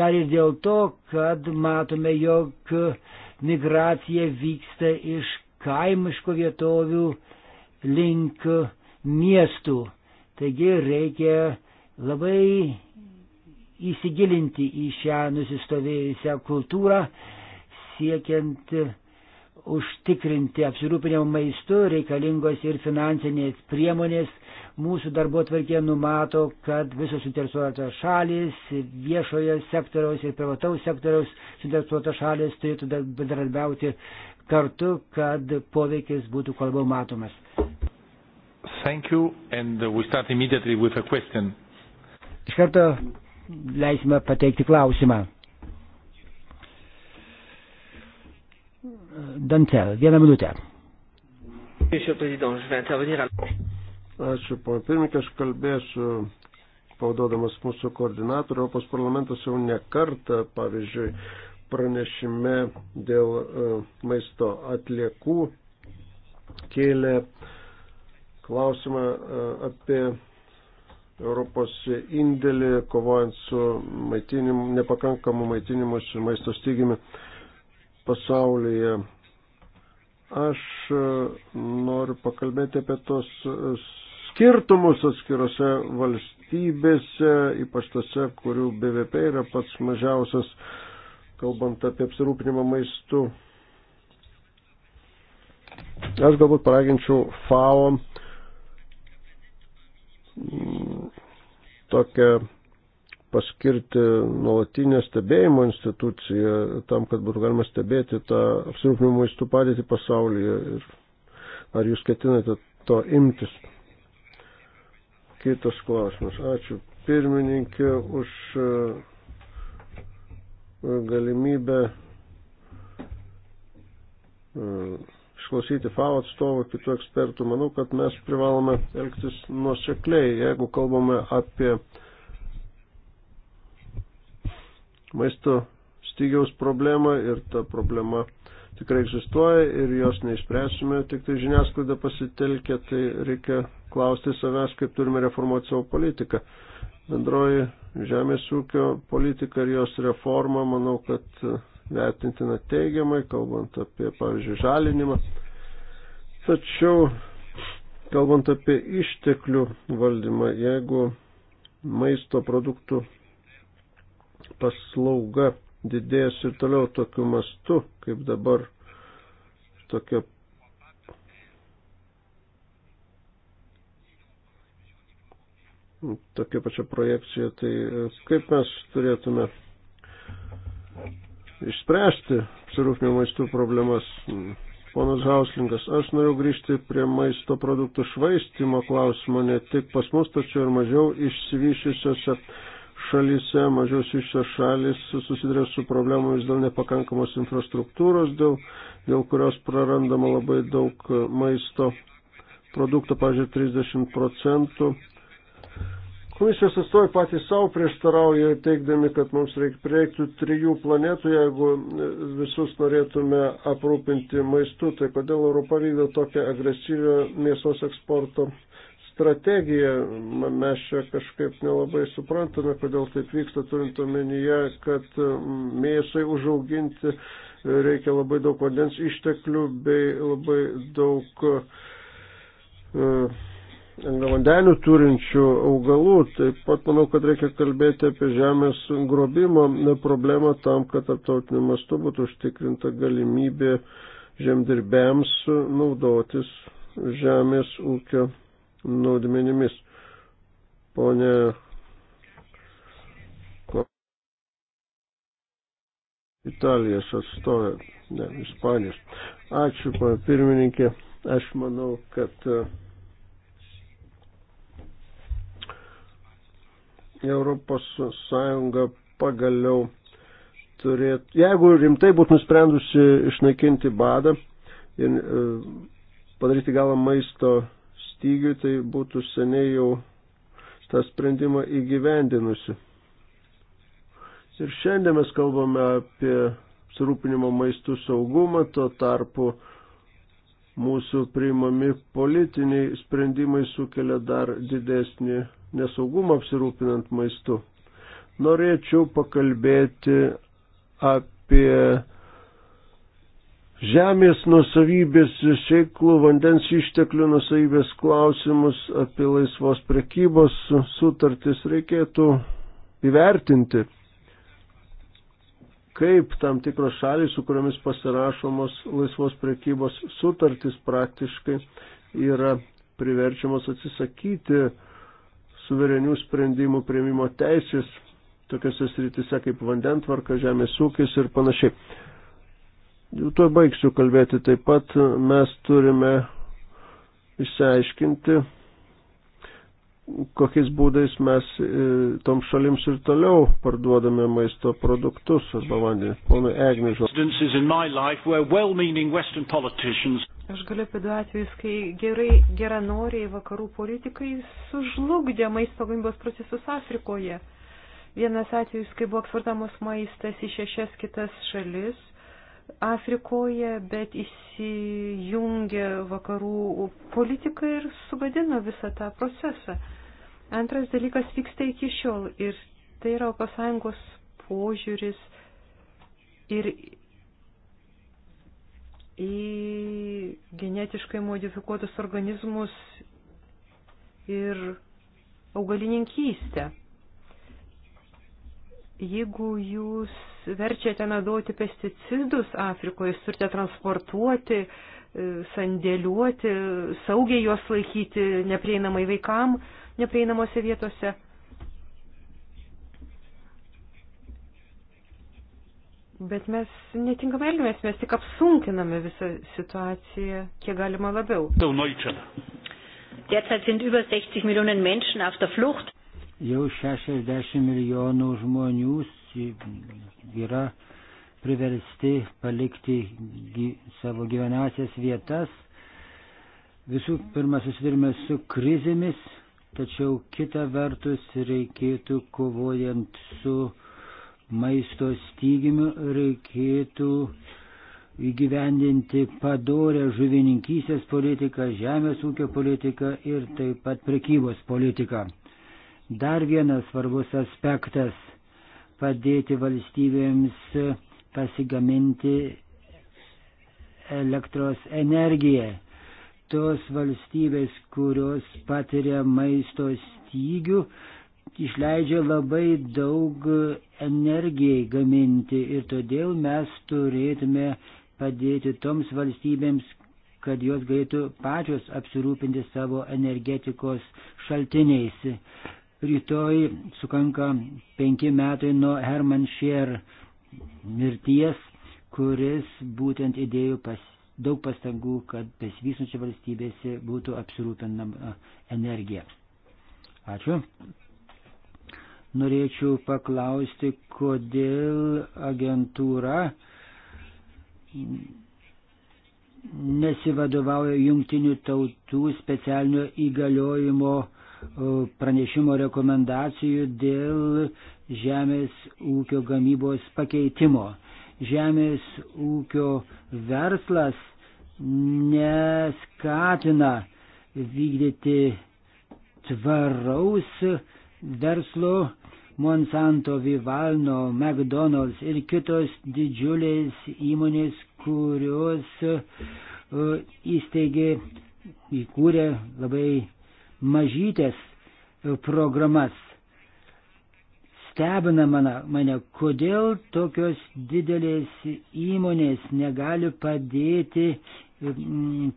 dar ir dėl to, kad matome, jog migracija vyksta iš kaimiško vietovių link miestų. Taigi reikia labai įsigilinti į šią nusistovėjusią kultūrą, siekiant užtikrinti apsirūpinimą maistu reikalingos ir finansinės priemonės. Mūsų darbo tvarkė numato, kad visos suinteresuotos šalis, viešojo sektoriaus ir privataus sektoriaus suinteresuotos šalis turėtų bendradarbiauti kartu, kad poveikis būtų kalbau matomas. Thank you, and we start immediately with a question. Iš karto leisime pateikti klausimą. Dante, vieną minutę. Ačiū, pana pirmininkė, aš kalbėsiu paudodamas mūsų koordinatorių. Europos parlamentas jau ne kartą, pavyzdžiui, pranešime dėl e, maisto atliekų kėlė klausimą e, apie Europos indėlį kovojant su maitinimu, nepakankamu maitinimu ir maisto stygimi pasaulyje. Aš e, noriu pakalbėti apie tos e, skirtumus atskirose valstybėse, ypač tose, kurių BVP yra pats mažiausias, kalbant apie apsirūpinimą maistu. Aš galbūt paraginčiau FAO mm, tokią paskirti nuolatinę stebėjimo instituciją tam, kad būtų galima stebėti tą apsirūpinimo maistų padėtį pasaulyje. Ir ar jūs ketinate to imtis? Kitas klausimas. Ačiū pirmininkė už e, galimybę e, išklausyti FAO atstovų, kitų ekspertų. Manau, kad mes privalome elgtis nuosekliai, jeigu kalbame apie uh, maisto stygiaus problemą ir ta problema tikrai egzistuoja ir jos neišspręsime, tik tai žiniasklaida pasitelkia, tai reikia klausti savęs, kaip turime reformuoti savo politiką. Bendroji žemės ūkio politika ir jos reforma, manau, kad vertintina teigiamai, kalbant apie, pavyzdžiui, žalinimą. Tačiau, kalbant apie išteklių valdymą, jeigu maisto produktų paslauga didės ir toliau tokiu mastu, kaip dabar tokia tokia pačia projekcija, tai e, kaip mes turėtume išspręsti apsirūpinimo maistų problemas. Ponas Hauslingas, aš noriu grįžti prie maisto produktų švaistimo klausimo, ne tik pas mus, tačiau ir mažiau išsivyšiusiuose šalyse, mažiaus išsios šalis susiduria su problemomis dėl nepakankamos infrastruktūros, dėl, dėl kurios prarandama labai daug maisto produktų, pažiūrėjau, 30 procentų. Komisijos atstovai patys savo prieštarauja, teikdami, kad mums reiktų trijų planetų, jeigu visus norėtume aprūpinti maistu, tai kodėl Europa vykdo tokią agresyvę mėsos eksporto strategija. Mes čia kažkaip nelabai suprantame, kodėl taip vyksta, turint omenyje, kad mėsai užauginti e, reikia labai daug vandens išteklių bei labai daug e, angliavandenių turinčių augalų. Taip pat manau, kad reikia kalbėti apie žemės grobimo problemą tam, kad tarptautiniu mastu būtų užtikrinta galimybė žemdirbėms naudotis žemės ūkio naudmenimis. Pone Italijos atstovė, ne, Ispanijos. Ačiū, pana pirmininkė. Aš manau, kad e, Europos Sąjunga pagaliau turėtų, jeigu rimtai būtų nusprendusi išnaikinti badą ir e, padaryti galą maisto stygiui, tai būtų seniai jau tą sprendimą įgyvendinusi. Ir šiandien mes kalbame apie apsirūpinimo maistų saugumą, tuo tarpu mūsų priimami politiniai sprendimai sukelia dar didesnį nesaugumą apsirūpinant maistu. Norėčiau pakalbėti apie žemės nusavybės, šeiklų, vandens išteklių nusavybės klausimus, apie laisvos prekybos sutartis reikėtų įvertinti, kaip tam tikros šaliai, su kuriomis pasirašomos laisvos prekybos sutartis praktiškai yra priverčiamos atsisakyti suverenių sprendimų prieimimo teisės tokiuose sritise kaip vandentvarka, žemės ūkis ir panašiai tuo baigsiu kalbėti. Taip pat mes turime išsiaiškinti, kokiais būdais mes e, tom šalims ir toliau parduodame maisto produktus arba vandenį. Ponui Egnižo. Aš galiu apie du atvejus, kai gerai, geranoriai vakarų politikai sužlugdė maisto gamybos procesus Afrikoje. Vienas atvejus, kai buvo eksportamos maistas į šešias kitas šalis Afrikoje, bet įsijungė vakarų politiką ir sugadino visą tą procesą. Antras dalykas vyksta iki šiol ir tai yra ES požiūris ir į genetiškai modifikuotus organizmus ir augalininkystę. Jeigu jūs verčiate naudoti pesticidus Afrikoje, jūs turite transportuoti, e, sandėliuoti, saugiai juos laikyti neprieinamai vaikam, neprieinamose vietose. Bet mes netinkamai elgiamės, mes tik apsunkiname visą situaciją, kiek galima labiau. Derzeit sind über 60 Millionen Menschen auf der Flucht. Jau 60 milijonų žmonių yra priversti palikti gy, savo gyvenasias vietas. Visų pirma, susidurime su krizėmis, tačiau kita vertus reikėtų kovojant su maisto stygimiu, reikėtų įgyvendinti padorę žuvininkysės politiką, žemės ūkio politiką ir taip pat prekybos politiką. Dar vienas svarbus aspektas padėti valstybėms pasigaminti elektros energiją. Tos valstybės, kurios patiria maisto stygių, išleidžia labai daug energijai gaminti ir todėl mes turėtume padėti toms valstybėms, kad jos galėtų pačios apsirūpinti savo energetikos šaltiniais. Rytoj sukanka penki metai nuo Herman Scher mirties, kuris būtent įdėjo pas, daug pastangų, kad besivystančia valstybėse būtų apsirūpinama energija. Ačiū. Norėčiau paklausti, kodėl agentūra nesivadovauja jungtinių tautų specialinio įgaliojimo pranešimo rekomendacijų dėl žemės ūkio gamybos pakeitimo. Žemės ūkio verslas neskatina vykdyti tvaraus verslo. Monsanto, Vivalno, McDonald's ir kitos didžiulės įmonės, kurios e, įsteigė, įkūrė labai mažytės e, programas. Stebina mane, mane, kodėl tokios didelės įmonės negali padėti e,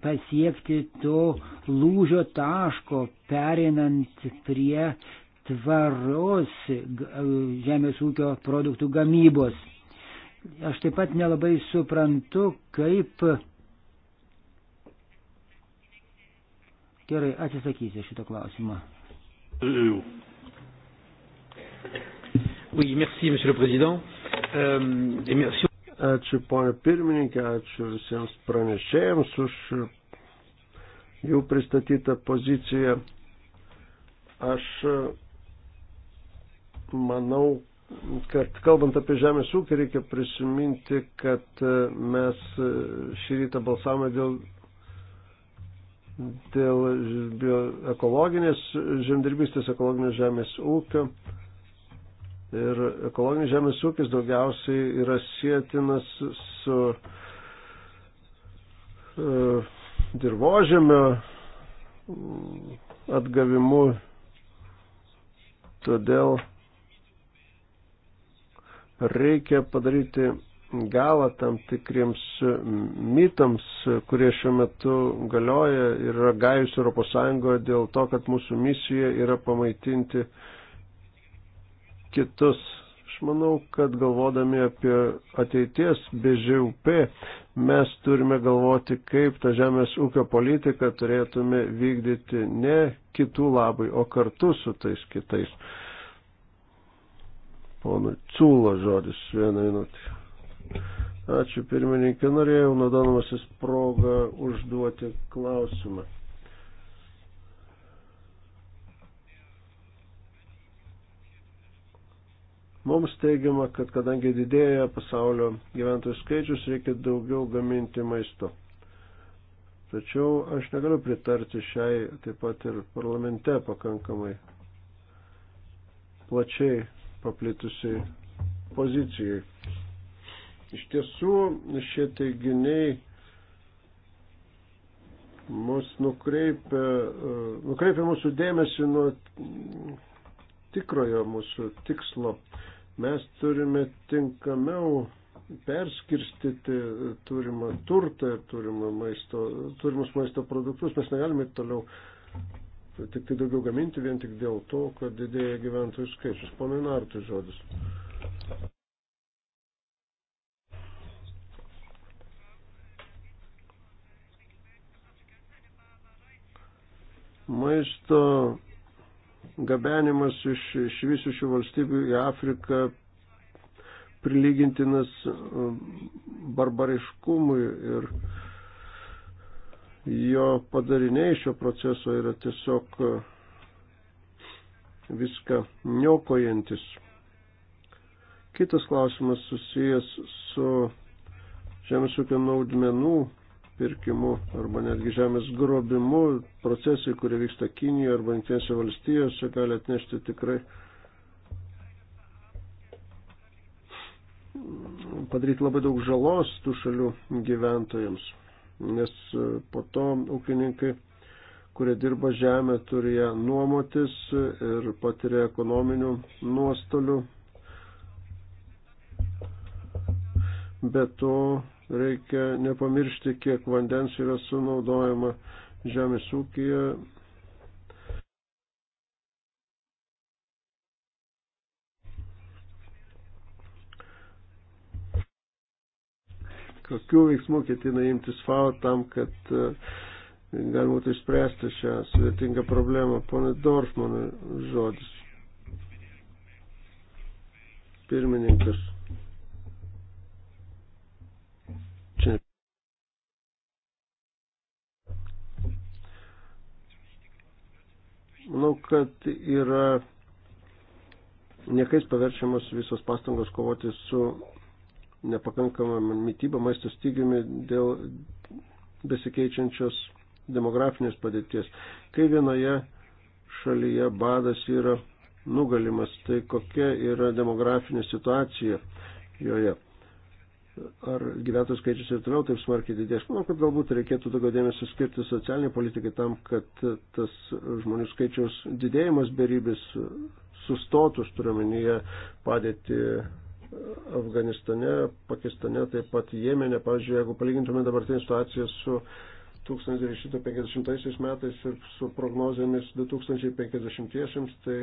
pasiekti to lūžio taško, perinant prie tvaros e, žemės ūkio produktų gamybos. Aš taip pat nelabai suprantu, kaip Gerai, atsisakysiu šito klausimo. Oui, merci, monsieur le président. Um, et merci... Ačiū, ponia pirmininkė, ačiū visiems pranešėjams už jų pristatytą poziciją. Aš e, manau, kad kalbant apie žemės ūkį reikia prisiminti, kad e, mes e, šį rytą balsavome dėl dėl ekologinės žemdirbystės, ekologinės žemės ūkio. Ir ekologinis žemės ūkis daugiausiai yra sėtinas su uh, dirbožėmio atgavimu. Todėl reikia padaryti galą tam tikriems mytams, kurie šiuo metu galioja ir yra gaius Europos Sąjungoje dėl to, kad mūsų misija yra pamaitinti kitus. Aš manau, kad galvodami apie ateities BŽUP mes turime galvoti, kaip tą žemės ūkio politiką turėtume vykdyti ne kitų labai, o kartu su tais kitais. Ponui Cūlo žodis vieną minutę. Ačiū pirmininkė, norėjau naudodamasis progą užduoti klausimą. Mums teigiama, kad kadangi didėja pasaulio gyventojų skaičius, reikia daugiau gaminti maisto. Tačiau aš negaliu pritarti šiai taip pat ir parlamente pakankamai plačiai paplitusiai pozicijai. Iš tiesų šie teiginiai mus nukreipia, e, nukreipia mūsų dėmesį nuo tikrojo mūsų tikslo. Mes turime tinkamiau perskirstyti turimą turtą ir turimą maisto, turimus maisto produktus. Mes negalime toliau tik tai daugiau gaminti vien tik dėl to, kad didėja gyventojų skaičius. Pone Nartui žodis. maisto gabenimas iš, iš visų šių valstybių į Afriką prilygintinas um, barbariškumui ir jo padariniai šio proceso yra tiesiog uh, viską niokojantis. Kitas klausimas susijęs su žemės ūkio naudmenų pirkimu arba netgi žemės grobimu, procesai, kurie vyksta Kinijoje arba Jungtinėse valstijose, gali atnešti tikrai padaryti labai daug žalos tų šalių gyventojams, nes e, po to ūkininkai, kurie dirba žemę, turi ją nuomotis ir patiria ekonominių nuostolių. Be to Reikia nepamiršti, kiek vandens yra sunaudojama žemės ūkija. Kokių veiksmų ketina imtis FAO tam, kad e, galima būtų išspręsti šią sudėtingą problemą? Pone Dorfmanui žodis. Pirmininkas. Manau, kad yra niekais paverčiamos visos pastangos kovoti su nepakankama mytyba, maisto stygiumi dėl besikeičiančios demografinės padėties. Kai vienoje šalyje badas yra nugalimas, tai kokia yra demografinė situacija joje ar gyventojų skaičius ir toliau taip smarkiai didės. Manau, kad galbūt reikėtų daugiau dėmesio skirti socialiniai politikai tam, kad tas žmonių skaičiaus didėjimas beribis sustotų, aš turiu menyje padėti Afganistane, Pakistane, taip pat Jemenė. Pavyzdžiui, jeigu palygintume dabartinį situaciją su 1950 metais ir su prognozėmis 2050-iesiams, tai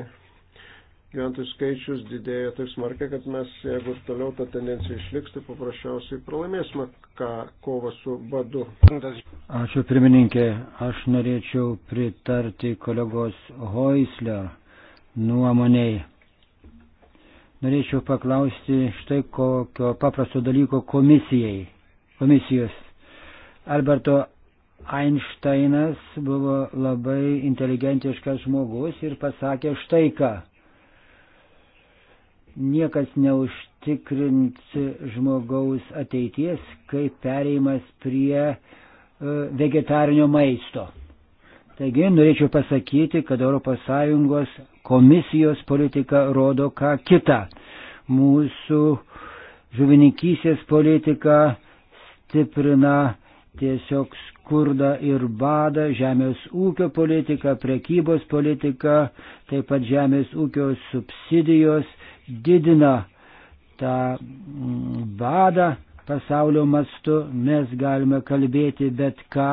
gyventojų skaičius didėja taip smarkiai, kad mes, jeigu ir toliau ta tendencija išliks, tai paprasčiausiai pralaimėsime ką, kovą su badu. Ačiū pirmininkė, aš norėčiau pritarti kolegos Hoisler nuomoniai. Norėčiau paklausti štai kokio paprasto dalyko komisijai, komisijos. Alberto Einšteinas buvo labai inteligentiškas žmogus ir pasakė štai ką niekas neužtikrins žmogaus ateities, kaip pereimas prie e, vegetarinio maisto. Taigi norėčiau pasakyti, kad ES komisijos politika rodo ką kitą. Mūsų žuvininkysės politika stiprina tiesiog skurdą ir badą, žemės ūkio politika, prekybos politika, taip pat žemės ūkio subsidijos didina tą mm, badą pasaulio mastu, mes galime kalbėti bet ką,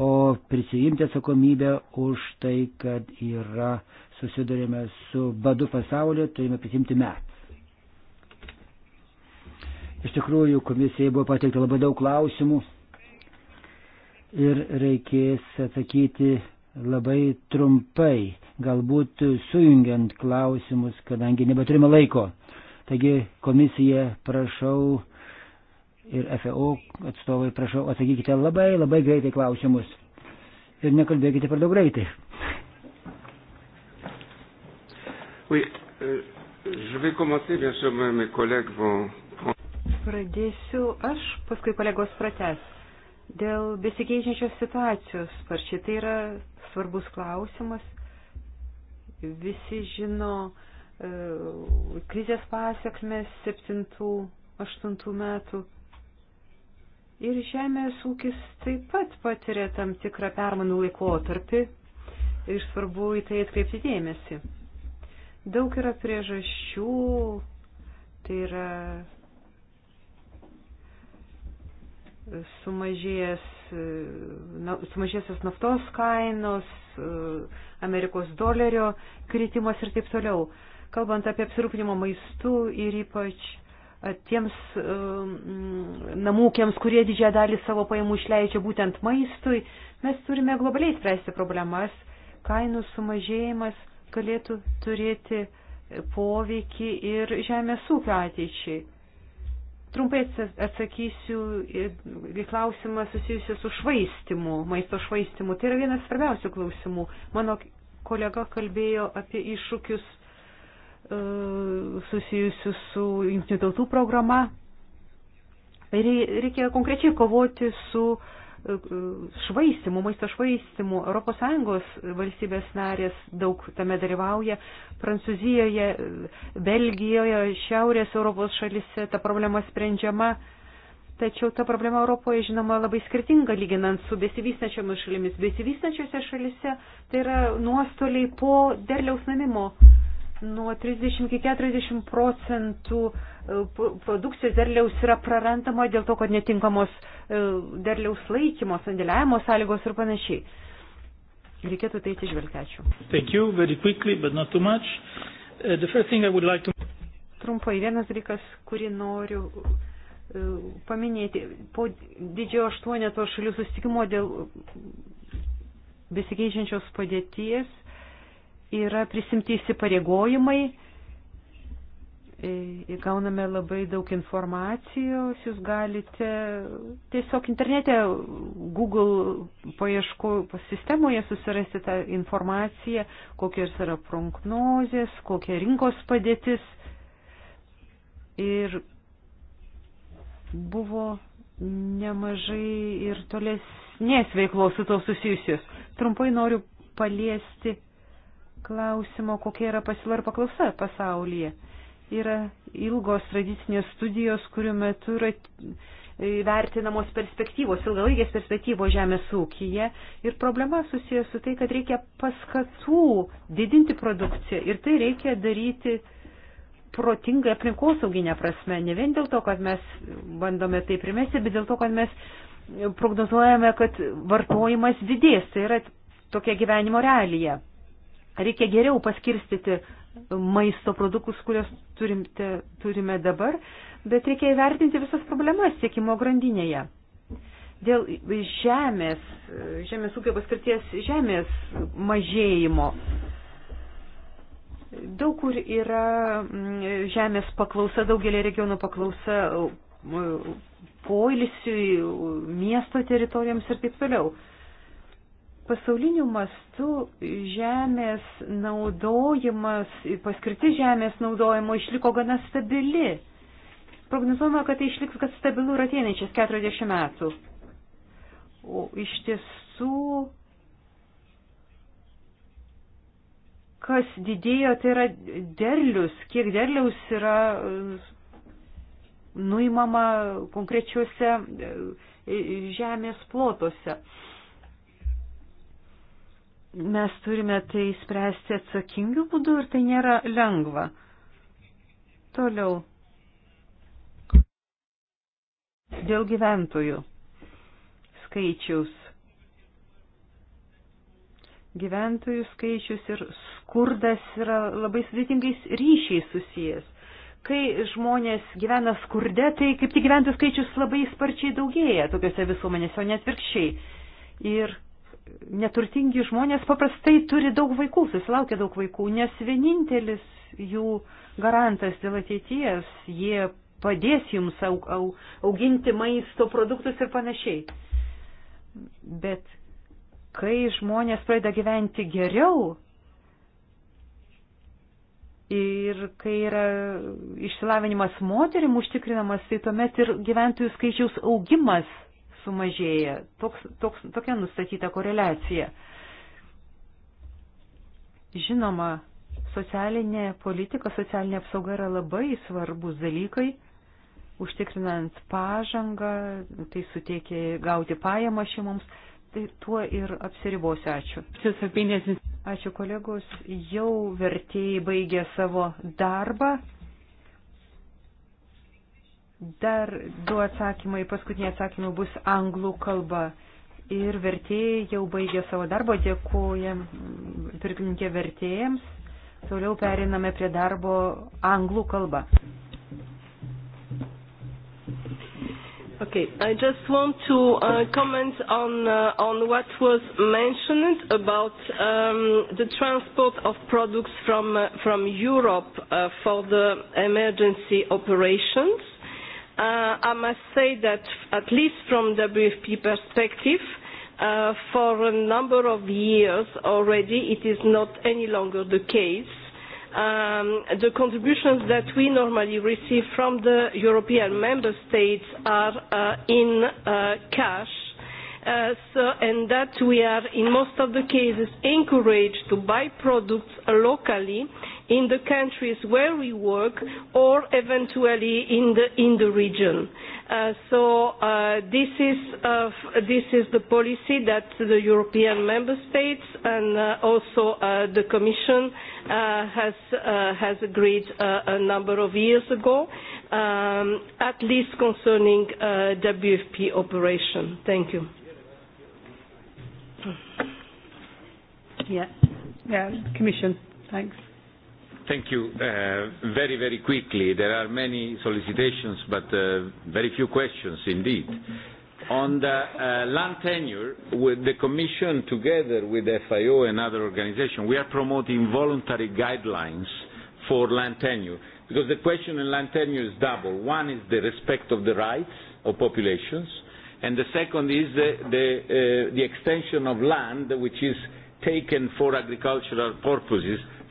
o prisijimti atsakomybę už tai, kad yra susidurėme su badu pasaulio, turime prisimti mes. Iš tikrųjų, komisijai buvo pateikta labai daug klausimų ir reikės atsakyti labai trumpai, galbūt sujungiant klausimus, kadangi nebeturime laiko. Taigi komisija prašau ir FAO atstovai prašau atsakykite labai labai greitai klausimus ir nekalbėkite per daug greitai. Oui, euh, je vais commencer, bien sûr, mes collègues vont. Pradėsiu aš, paskui kolegos prates. Dėl besikeičiančios situacijos sparčiai tai yra svarbus klausimas. Visi žino e, krizės pasiekmes 7-8 metų. Ir žemės ūkis taip pat patiria tam tikrą permanų laikotarpį ir svarbu į tai atkreipti dėmesį. Daug yra priežasčių, tai yra sumažėjęs, na, sumažėsios naftos kainos, Amerikos dolerio kritimas ir taip toliau. Kalbant apie apsirūpinimo maistų ir ypač e, tiems e, namūkiams, kurie didžiąją dalį savo pajamų išleidžia būtent maistui, mes turime globaliai spręsti problemas. Kainų sumažėjimas galėtų turėti poveikį ir žemės ūkio ateičiai Trumpai atsakysiu į klausimą susijusiu su švaistimu, maisto švaistimu. Tai yra vienas svarbiausių klausimų. Mano kolega kalbėjo apie iššūkius e, susijusių su jungtinių tautų programa. Reikia konkrečiai kovoti su uh, švaistimų, maisto švaistimų. ES valstybės narės daug tame dalyvauja. Prancūzijoje, Belgijoje, Šiaurės Europos šalise ta problema sprendžiama. Tačiau ta problema Europoje, žinoma, labai skirtinga lyginant su besivystačiomis šalimis. Besivystačiose šalise tai yra nuostoliai po derliaus namimo nuo 30 iki 40 procentų e, produkcijos derliaus yra prarandama dėl to, kad netinkamos e, derliaus laikymo, sandėliavimo sąlygos ir panašiai. Reikėtų tai atsižvelgti. Ačiū. Thank you, very quickly, but not too much. Uh, the first thing I would like to... Trumpai vienas dalykas, kurį noriu e, paminėti. Po didžiojo aštuoneto šalių susitikimo dėl besikeičiančios padėties yra prisimti įsipareigojimai. Įgauname e, labai daug informacijos, jūs galite tiesiog internete Google paieškų sistemoje susirasti tą informaciją, kokios yra prognozės, kokia rinkos padėtis. Ir buvo nemažai ir tolesnės veiklos su to susijusios. Trumpai noriu paliesti klausimo, kokia yra pasiūla ir paklausa pasaulyje. Yra ilgos tradicinės studijos, kurių metu yra vertinamos perspektyvos, ilgalaikės perspektyvos žemės ūkyje. Ir problema susijęs su tai, kad reikia paskatų didinti produkciją ir tai reikia daryti protingai aplinkosauginę prasme. Ne vien dėl to, kad mes bandome tai primesti, bet dėl to, kad mes prognozuojame, kad vartojimas didės. Tai yra tokia gyvenimo realija reikia geriau paskirstyti maisto produktus, kuriuos turimte, turime dabar, bet reikia įvertinti visas problemas tiekimo grandinėje. Dėl žemės, žemės ūkio paskirties žemės mažėjimo. Daug kur yra mm, žemės paklausa, daugelį regionų paklausa mm, poilisiui, miesto teritorijoms ir taip toliau. Pasauliniu mastu žemės naudojimas, paskirti žemės naudojimo išliko gana stabili. Prognozuojama, kad tai išliks kad stabilu ir ateinančias 40 metų. O iš tiesų, kas didėjo, tai yra derlius, kiek derliaus yra nuimama konkrečiuose e, e, žemės plotuose mes turime tai spręsti atsakingių būdų ir tai nėra lengva. Toliau. Dėl gyventojų skaičiaus. Gyventojų skaičius ir skurdas yra labai sudėtingais ryšiais susijęs. Kai žmonės gyvena skurde, tai kaip tik gyventojų skaičius labai sparčiai daugėja tokiuose visuomenėse, o net virkščiai. Ir neturtingi žmonės paprastai turi daug vaikų, susilaukia daug vaikų, nes vienintelis jų garantas dėl ateities, jie padės jums aug, aug, auginti maisto produktus ir panašiai. Bet kai žmonės pradeda gyventi geriau ir kai yra išsilavinimas moterim užtikrinamas, tai tuomet ir gyventojų skaičiaus augimas sumažėja. Toks, toks, tokia nustatyta koreliacija. Žinoma, socialinė politika, socialinė apsauga yra labai svarbus dalykai, užtikrinant pažangą, tai suteikia gauti pajamą šeimoms. Tai tuo ir apsiribosiu. Ačiū. Ačiū kolegos, jau vertėjai baigė savo darbą. Dar du atsakymai, paskutiniai atsakymai bus anglų kalba. Ir vertėjai jau baigė savo darbą, dėkuoja pirmininkė vertėjams. Toliau periname prie darbo anglų kalba. Okay, I just want to uh, comment on uh, on what was mentioned about um, the transport of products from uh, from Europe uh, for the emergency operations uh, I must say that at least from WFP perspective, uh, for a number of years already, it is not any longer the case. Um, the contributions that we normally receive from the European member states are uh, in uh, cash, uh, so, and that we are in most of the cases encouraged to buy products locally uh, in the countries where we work or eventually in the, in the region. Uh, so uh, this, is, uh, this is the policy that the European member states and uh, also uh, the Commission uh, has, uh, has agreed uh, a number of years ago, um, at least concerning uh, WFP operation. Thank you. Yeah. Yeah, Commission. Thanks. Thank you. Uh, very, very quickly, there are many solicitations, but uh, very few questions indeed. On the uh, land tenure, with the Commission together with FIO and other organizations, we are promoting voluntary guidelines for land tenure. Because the question in land tenure is double. One is the respect of the rights of populations, and the second is the, the, uh, the extension of land which is taken for agricultural purposes